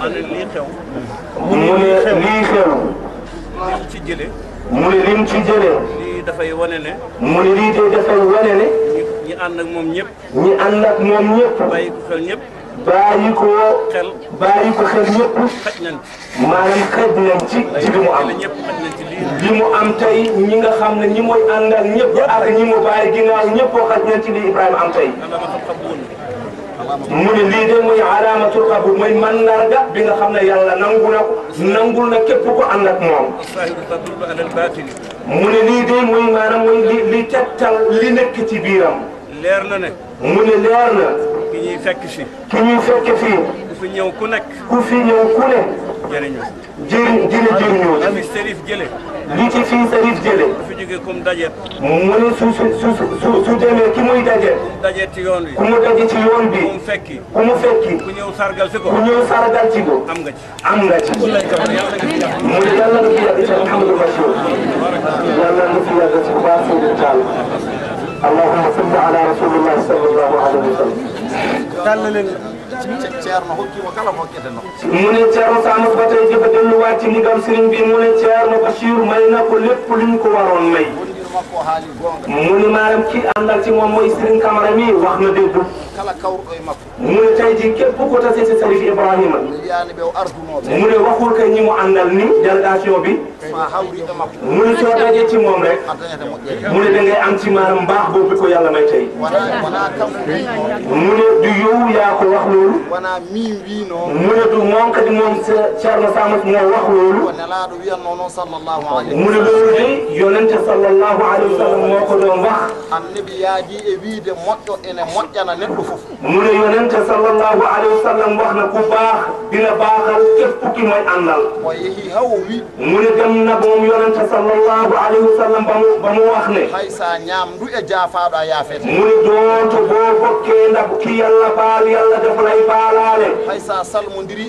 ma ne lii xew. mu ne lii xew. ci jëlee. mu ne lim ci jëlee. lii dafay wane ne. mu ne lii de dafay wane ne. ñi ànd ak moom ñëpp. ñi ànd ak moom ñëpp. bàyyi ko xel ñëpp. bàyyi ko ko xel ñëpp xaj nañ maanaam xaj nañ ci ci li mu am li mu am tey ñi nga xam ne ñi mooy àndal ñëpp ak ñi mu bàyyi ginnaaw ñëpp boo xaj nañ ci li Ibrahima am tey mu ni lii de muy alaamatul qabul muy mandarga bi nga xam ne yàlla nangu na ko nangul na képp ko ànd ak moom. mu ni lii de muy maanaam muy li li tegtal li nekk ci biiram. leer na ne. mu ni leer na. ki ñuy fekk fii. fi ñëw ku nekk. ku fi ñëw ku ne. jëriñu jëriñ dina jëriñoo ci. li fi serif jële. li ci fii serif jële. ku fi jógee comme dajeet. mu ne su su su su demee ki muy dajeet. dajeet ci yoon bi. ku mu daje ci yoon bi. ku mu fekki. ku mu fekki. ku ñëw sargal si ko. ku ñëw sargal si ko. am nga ci. am nga ci. mu ne yàlla na fi yàgg ci Mouhamadou Bachir. yàlla na fi yàgg ci waa Seydou Tall. allahumma salli ala rasulillah sallallahu alayhi wa sallam. ceerno hokkimo kala mo hokkete no mune ceerno samas batay jeba dellu waati mu gam sirin mbi mune ceerno basir mayna ko lépp lin ko waron may mu ni maanaam ki ànd ak ci moom mooy Serigne Camara mii wax na dégg mu ne tey jii képp ku ko tase ci Serif Ibrahima mu ne waxul ko ñi mu àndal ni délégation bi e mu ne soo dajee ci moom rek ah, mu ne da ngay am ci maanaam mbaax boobu ko yàlla may tey mu ne du yow yaa ko wax loolu mu ne du moom kat moom Thierno Samb moo wax loolu mu ne loolu de yonente sallallahu alayhi wa sallam moo ko doon wax annabiyaji e wiide moƴƴo ene moƴƴana neɗɗo fof mu ne yonente sallallahu alayhi wa sallam wax na ku baax dina baaxal képp ki o yeehi ha o wi mu ne dem na ba moom yonente sallallahu alayhi wa sallam ba mu ba e jaafaɗo a yaafete mu ne boo bokkee ndab yalla baal yalla def lay baalaale hay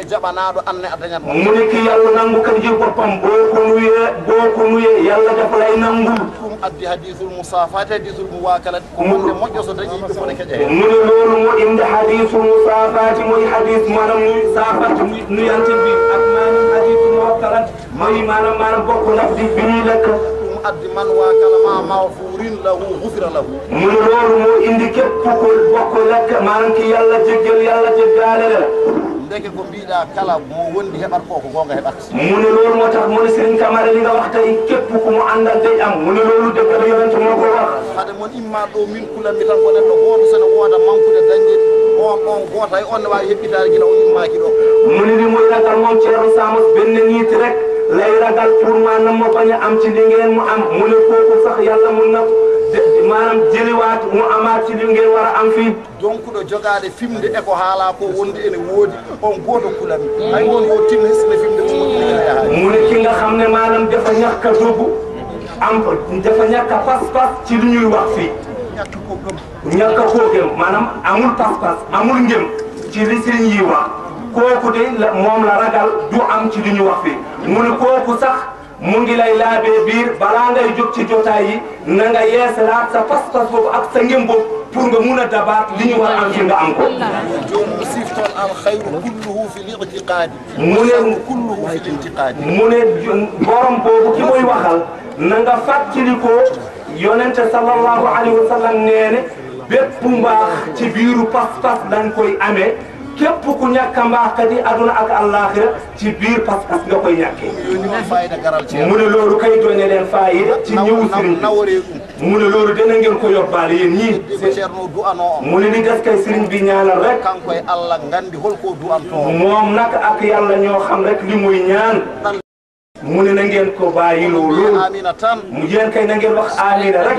e jaɓanaɗo anne a dañat mu ki yalla nangu kadi ji boo ko nuye yalla def nangul ɗum addi hadisul musafati hadisul muwakalat ko wonde moƴƴo so dañi yimɓe kono keƴa hen mune noon moƴƴinde hadisul musafati moyi hadis manam safat nuyantinbi ak manam hadisul muwakalat moyi manam manam bokko nafdi binilakka addi man wakala ma mawfurin lahu gufira lahu mune noon mo indi keppo ko bokko lakka manam ki yallah jegguel yallah jeggalele ndeke ko mbiɗa kala mo wondi heɓat ko ko gonga heɓat mune noon mo tax mone sirin camara li nga wax tay képp ku mu àndal day am mu ne loolu dëgg la yonent moo ko wax hade moon imma ɗo min kulanmi tan wonenno gooto sene wooda mankude dañde on on goota e on ne wawi heɓɓitade gila o immaki ɗo mu ne li muy ragal moom ceerno samos benn niit rek lay ragal pour maanaam ma bañ a am ci li ngeen mu am mu ne sax yàlla mun na manam jeliwaat mo amaat a am fii donc ɗo jogaade fimde eko haala ko wonde ene woodi on gooto kulami hay ngoon yo tinno hissine mu ne ki nga xam ne maanaam dafa ñàkk a am dafa ñàkk pas-pas ci li ñuy wax fi ñàkk koo gëm ñàkk koo amul pas-pas amul ngëm ci li sëriñ yi wax kooku de moom la ragal du am ci li ñuy wax fi mu ne kooku sax mu ngi lay laabee biir balaa ngay jóg ci jotaay yi na nga pas-pas boobu ak sa ngëm boobu pour nga mun a dabaat li ñu war am ci nga am ko. mu ne mu ne borom boobu ki muy waxal na nga fàttaliku yonente sallallahu alayhi wa sallam nee mbaax ci biiru pas-pas dañ koy amee. képp ku ñàkk a mbaax di aduna ak àllaaxira ci biir pas-pas nga koy ñàkkee. mu ne loolu kay doñe leen fayida ci ñëw sëriñ bi mu ne loolu dana ngeen ko yóbbaale yéen ñii. mu ne li des kay sëriñ bi ñaanal rek. koy allah ngandi hol du moom nag ak yàlla ñoo xam rek li muy ñaan. mu ne na ngeen ko bàyyi loolu mu yéen kay na ngeen wax amina rek.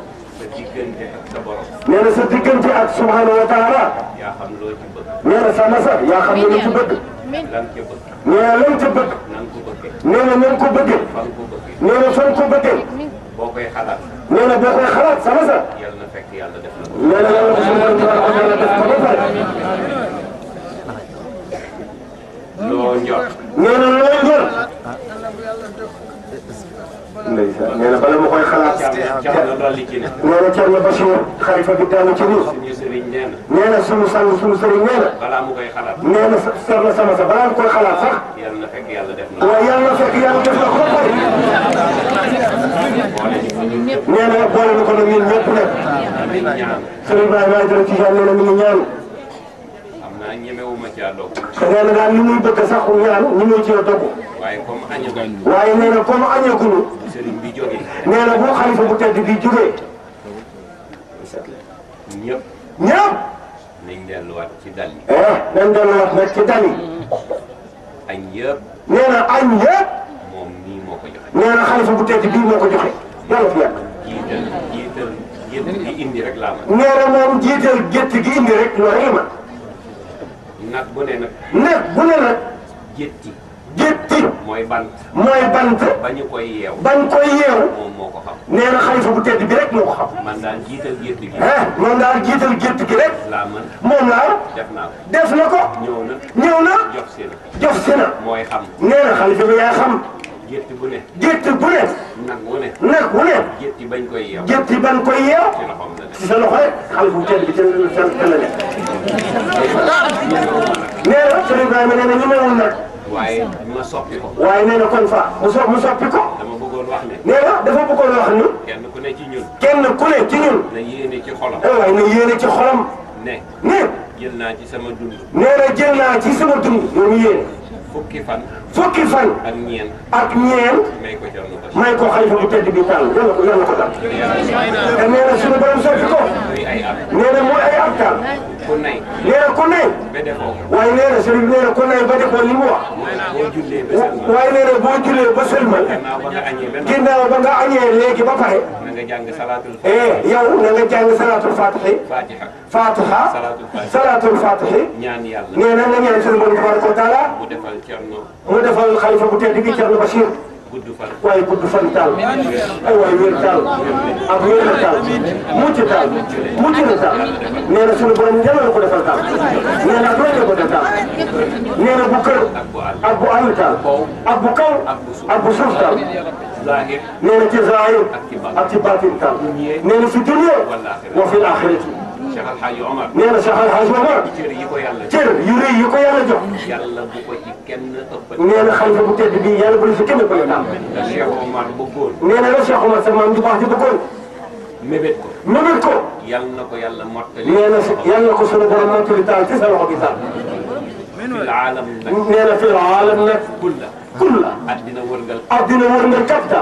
nee na sa diggante ak subhanahu wa taala nee na sa nasar yaa xam ne lu ci bëgg. nee na lan ca bëgg. nee na nan ko bëggee. nee na fan ko bëggee. boo koy xalaat sa nasar. nee na yàlla ko suñu borom tabaraka wa taala def ko ndeysaan bala ma koy xalaat. Thierno Dolli Kine. nee na Thierno Bachir xalifa bi daanu ci nii. suñu sëriñ nee na. nee na suñu sànni suñu sëriñ nee na. balaa mu koy xalaat. nee na Thierno sama sa balaa mu koy xalaat sax. yal na fekk yàlla def na. waaw yal na fekk yàlla def ko bari. nee na boole na ko nee na mi ngi xanaa ñemewuma caa dogg nee na daal li muy bëgg sax ñu ñu muy cee dogg waaye comme añaguñu waaye nee na comme añaguñu eh nañ delluwaat nag ci dal yi añ yëpp nee na añ yëpp moom nii moo ko joxe nee na xalifa bu tedd bii moo ko joxe gi indi rek laa nag bu ne nag. nag bu ne nag. jétti. jétti. mooy bant. mooy bant. ba ñu koy yeew. ba ñu koy yeew. ko xam. nee na xalifa bu tedd bi rek moo ko xam. man daal jiital gétt gi. Eh, man daal jiital gétt gi rek. laa mën moom laa. def naa ko def na ko. ñëw na ñëw si na jox si na. mooy xam. nee na xalifa bi yaa xam. gétt bu ne. gétt bu ne. nag wu ne. nag wu ne. gétt koy yeew. gétt bañ koy yeew. ci sa na teel na ne. nee na Sëriñ Ibrahima na ñu newul nag. waaye ma soppi ko. waaye nee na kon fa so mu soppi ko. dama bëggoon wax ne. dafa bëggoon wax ni. kenn ku ne ci ñun. kenn ku ne ci ñun. na yéene ci xolam. Eh, waaye na yéene ci xolam. ne. ne. jël naa ci sama dund. nee na naa ci sama dund. loolu yéene. fukki fan. fukki fan. ak ñeent. ak may ko Thierno Bachir. may ko xalifa bu tedd bi tànn yàlla ko yàlla ko dal. te nee na suñu borom soppi ko. muy ay at. nee na ku nay. ku nay. ba defoo ko. waaye nee na sëriñ nee na ku ba defoo li mu wax. boo jullee ba sëlmal. waaye nee na ba sëlmal. na nga jàng salaatul eh, fatiha. yow na nga jàng salaatul fatiha. fatiha fatiha. salaatul fatiha salaatul fatiha. ñaan yàlla nee na nga ñaan sunu borom tabaraka wa taala. mu defal Thierno. mu defal xalifa bu tedd bi Thierno Bachir. waaye gudd fan taal ay waay wér taal ak wér a taal mucc taal mucc na taal nee na sunu borom njëriñ la ko defal taal nee na doole ko def taal nee na bu kër ak bu àll taal ak bu kaw ak bu suuf taal nee na ci zaahir ak ci baatin taal nee na fi dunya wa fil aaxirati Cheikh Al Hadj Omar. nee na Cheikh Al Hadj Omar. cër yi ko yàlla jox cër yu rëy yi ko yàlla jox. yàlla bu ko ci kenn ëpp. nee na xalifa bu tedd bii yàlla bu la fi kenn ko yàlla. la Cheikh Omar bëggoon. nee na la Cheikh Omar sa maam ju baax ji bëggoon. mébét ko. mébét ko. yal na ko yàlla mottali. nee na yal na ko sunu borom mottali taal ci sa loxo bi taal. fil aalam nag. nee na fil aalam nag. kulla. kulla. addina wërngal. addina wërngal kapta.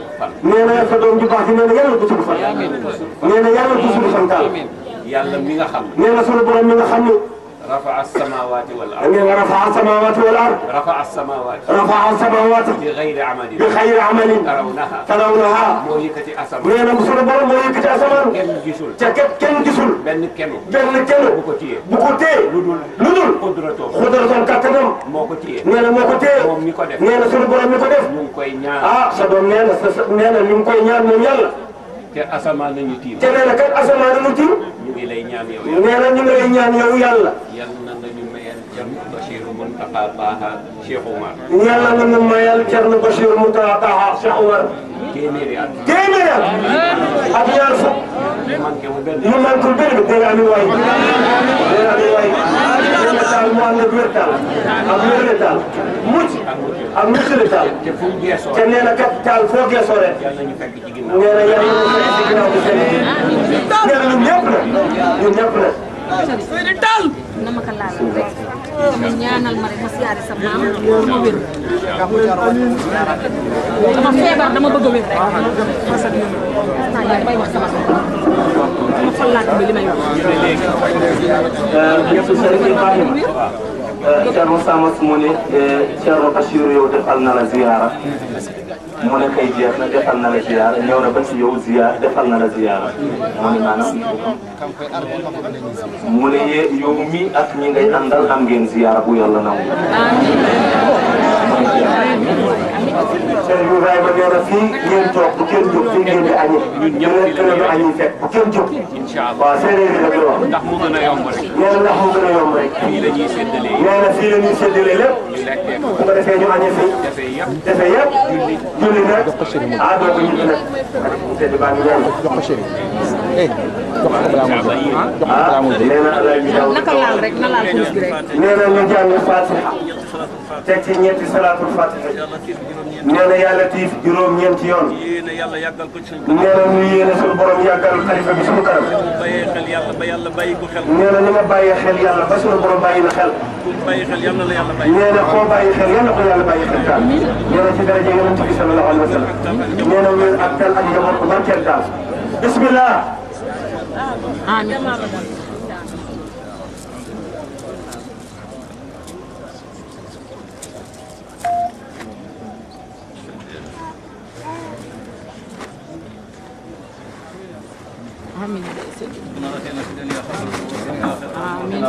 fan. nee na sa doom ju baax ji nee na yàlla ko suñu fan. nee na yàlla ko suñu fan daal. yàlla mi nga xam. nee na sunu borom mi nga xam ne. رفع السماوات والأرض رفع السماوات والأرض رفع السماوات رفع السماوات بغير عمل بغير عمل ترونها ترونها مويكة أسمان مينا مسلم برا مويكة أسمان كن جسول تكت كن بن كنو بن كنو بكوتي بكوتي لدول لدول قدرتو قدرتو كاتنم موكوتي مينا موكوتي مينا نيان آه مينا مينا نيان ñu ngi lay ñaan yow yàlla nee na ñu ngi lay ñaan yow yàlla. yal na nañu mayal Thierno Bachir Mountakha Taha Cheikh Oumar. yàlla na ñu mayal Thierno Bachir Mountakha Taha Cheikh Oumar. téeméeri at. téeméeri at. ak ñaar fukk. ñu mën ko benn benn ami waay. benn ami waay. benn taal mu ànd ak wér taal. ak wérle taal. mucc ak muccule taal. te fu mu geesoo te nee na kat taal foo geesoo rek. nee na yàlla ñu fekk ci ginnaaw bi seen. nee na ñun ñëpp nag. ñun ñëpp la. sooy di taal. na ma ko laal rek. ñaanal ma rek ma siyaare sa maam ma wér. dama feebar dama bëgg a wér rek. naa yaa bay wax sama dama fa laaj ba li may wax. ñëpp Serigne Ibrahima. Thierno Samas mu ne Thierno Bachir yow defal na la ziyaara. mu ne kay jeex na defal na la ziyaar ñëw na ba si yow ziyaar defal na la ziyaar mu ne maanaam mu ne yow mi ak ñi ngay àndal am ngeen ziyaar bu yàlla nangu sëñ bi waaye ba nee na fii ngeen toog bu kenn jóg fii ngeen di añee. ñun ñëpp dina ñu añee fekk bu kenn jóg. incha allah waaw séeréer yi la koy wax. ndax mu gën a yomb rek. nee na ndax mu gën a yomb rek. fii la ñuy séddalee. nee na fii la ñuy séddalee lépp. bu ko defee ñu añee fii. defee yëpp. defee yëpp. julli nag. ah doo ko ñibbi nag. sëñ bi baa ngi ñaan. jox ko chéri. eh jox ko balaa muy jox. jox ko balaa muy jox. nee na alaay bi daaw. naka laal rek na laal tuuti rek. nee na ñu jàng Fatiha. teg ci ñeenti salaatul fatiha nee na yàlla tiif juróom ñeenti yoon nee na ñu yéene suñu borom yàggal xalifa bi suñu kanam nee na ni nga bàyyee xel yàlla ba suñu borom bàyyi na xel nee na koo bàyyi xel yàlla ko yàlla bàyyi xel daal nee na ci daraja yonent bi sallallahu alayhi wa sallam nee na wér ak tal ak njaboot bu barkeel daal bismillah آمين آمين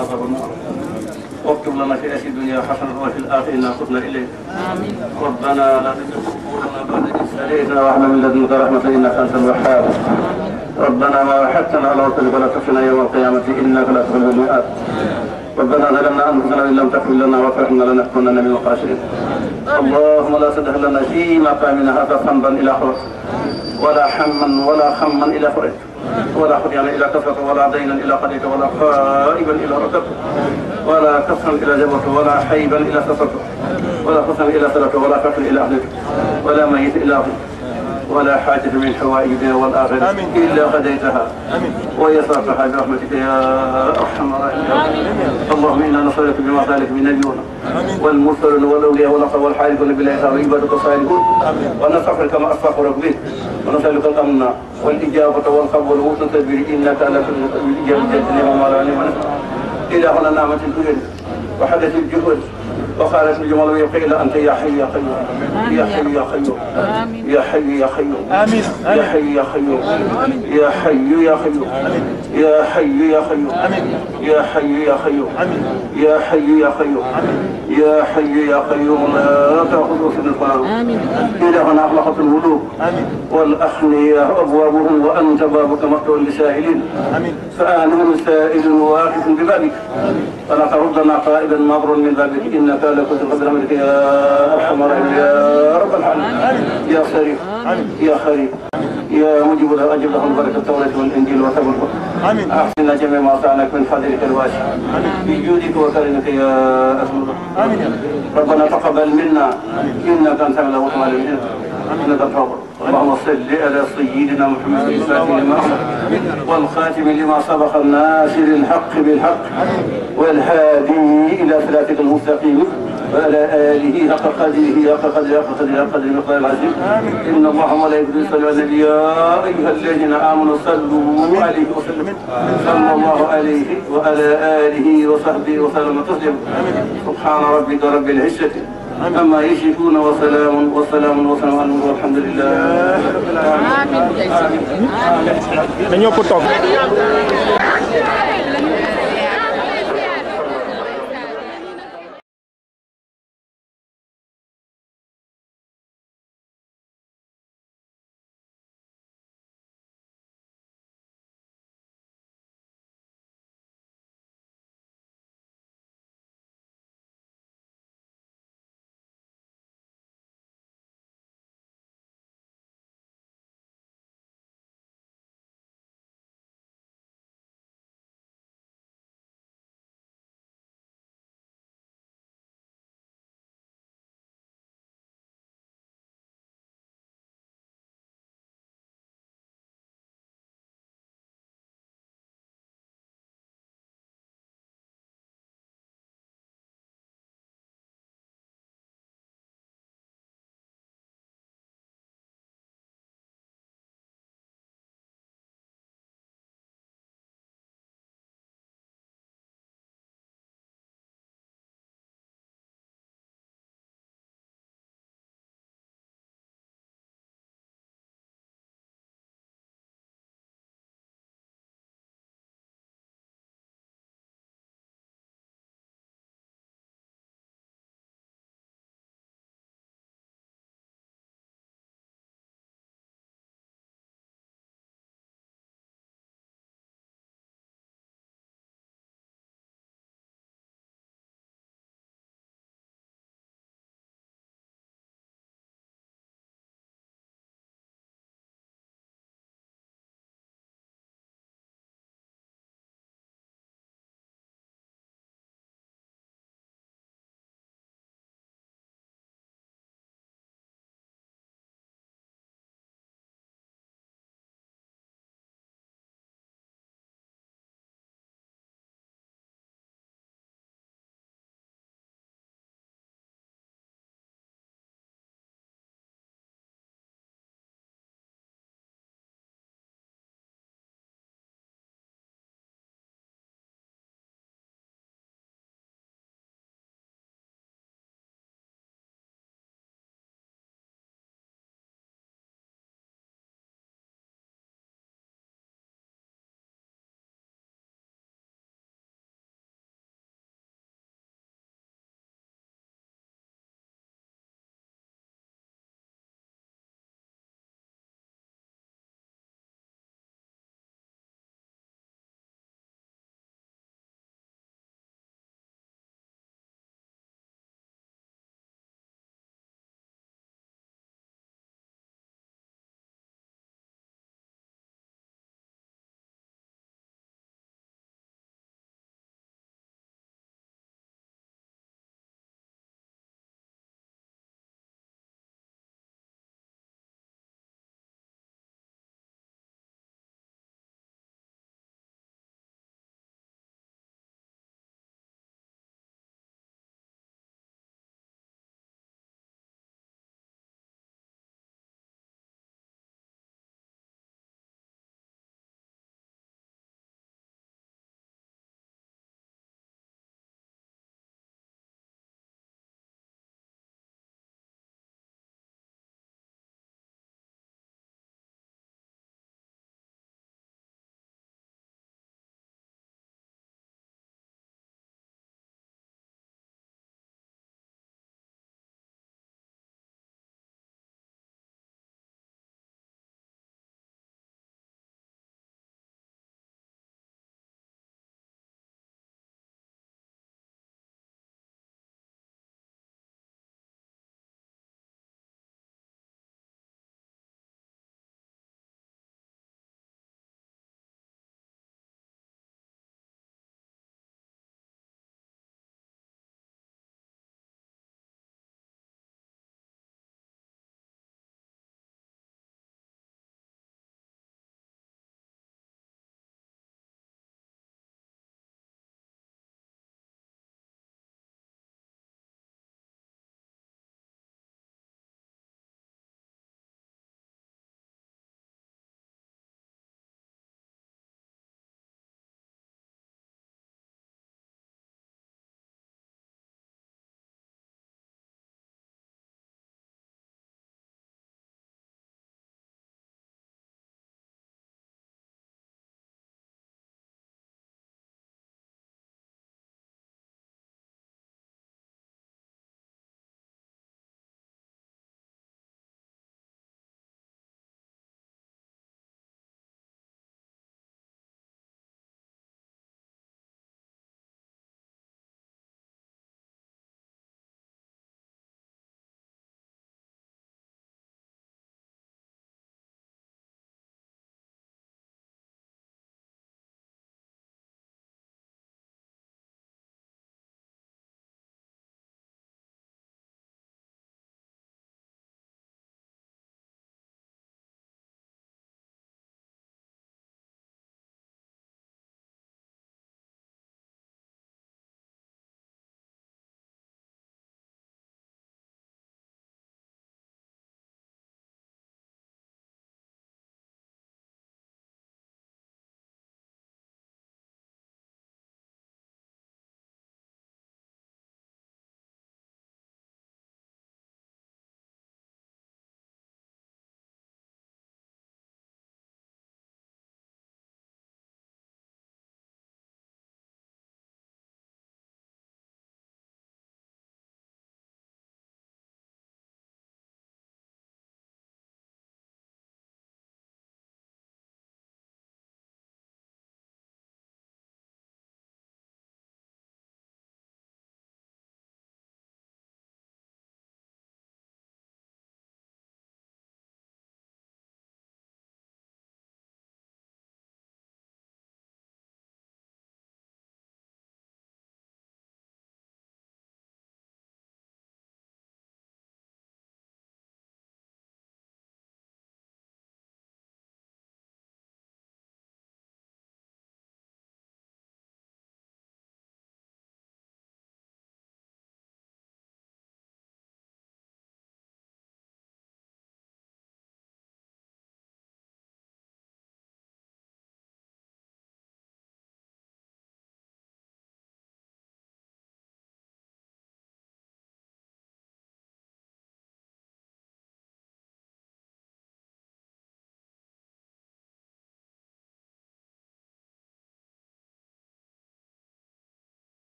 واكتب لنا في الدنيا حسنة وفي الآخرة إنا خدنا إليك آمين ربنا لا تزغ قلوبنا بعد إذ هديتنا وهب من لدنك رحمة إنك أنت الوهاب ربنا ما وحدتنا على وصلك فلا تخفنا يوم القيامة إنك لا تخلف الميعاد ربنا ظلمنا انفسنا ان لم تغفر لنا وترحمنا لنكونن من القاشرين. اللهم لا تدع لنا في مقامنا هذا ذنبا الى حرص ولا حما ولا خما الى فرج ولا خديعا يعني إلا كفرت ولا دينا إلا قضيت ولا خائبا إلا ركبت ولا كفرا إلا جبرت ولا حيبا إلا سترت ولا حسنا إلا سلك ولا كفر إلا أهلك ولا ميت إلا أهلك ولا حاجة من حوائجنا والآخرة إلا غديتها ويسرتها برحمتك يا أرحم الراحمين اللهم إنا نصلك بما ذلك من اليمنى والمرسل والأولياء والأخر والحارق والبلاء وعبادك الصالحون ونصحك كما أستغفرك به ونسألك الأمن والإجابة والقبول وحسن إنك على كل الإجابة جل إلى هنا نعمة الدنيا وحدث الجهد وقالت الجمل ويبقى إلى أنت يا حي يا قيوم يا حي يا قيوم يا حي يا قيوم يا حي يا قيوم يا حي يا قيوم يا حي يا قيوم يا حي يا قيوم يا حي يا قيوم يا حي يا قيوم لا تأخذه سنة إلى هنا أغلقت الولوك والأخنياء أبوابهم وأنت بابك مقتول لسائلين فآنهم سائل واقف ببابك فلا تردنا قال قائدا مبر من بابك انك على كل قدر امرك يا ارحم الراحمين يا رب العالمين يا خريف يا خريف يا مجيب له اجب لهم بركه التوراه والانجيل وثب القران احسن جميع ما اعطاناك من فضلك الواسع بجودك وكرمك يا اسم ربنا تقبل منا انك انت الاوطان الرحيم انك الفضل اللهم صل على سيدنا محمد الفاتح لما والخاتم لما سبق الناصر الحق بالحق والهادي الى صراطك المستقيم وعلى آله حق قدره حق قدره حق قدره حق قدره حق العظيم إن الله وملائكته يصلون على النبي يا أيها الذين آمنوا صلوا عليه وسلموا صلى الله عليه وعلى آله وصحبه وسلم تسليما سبحان ربك رب العزة أما يشركون وسلام وسلام وسلام على والحمد لله آمين آمين آ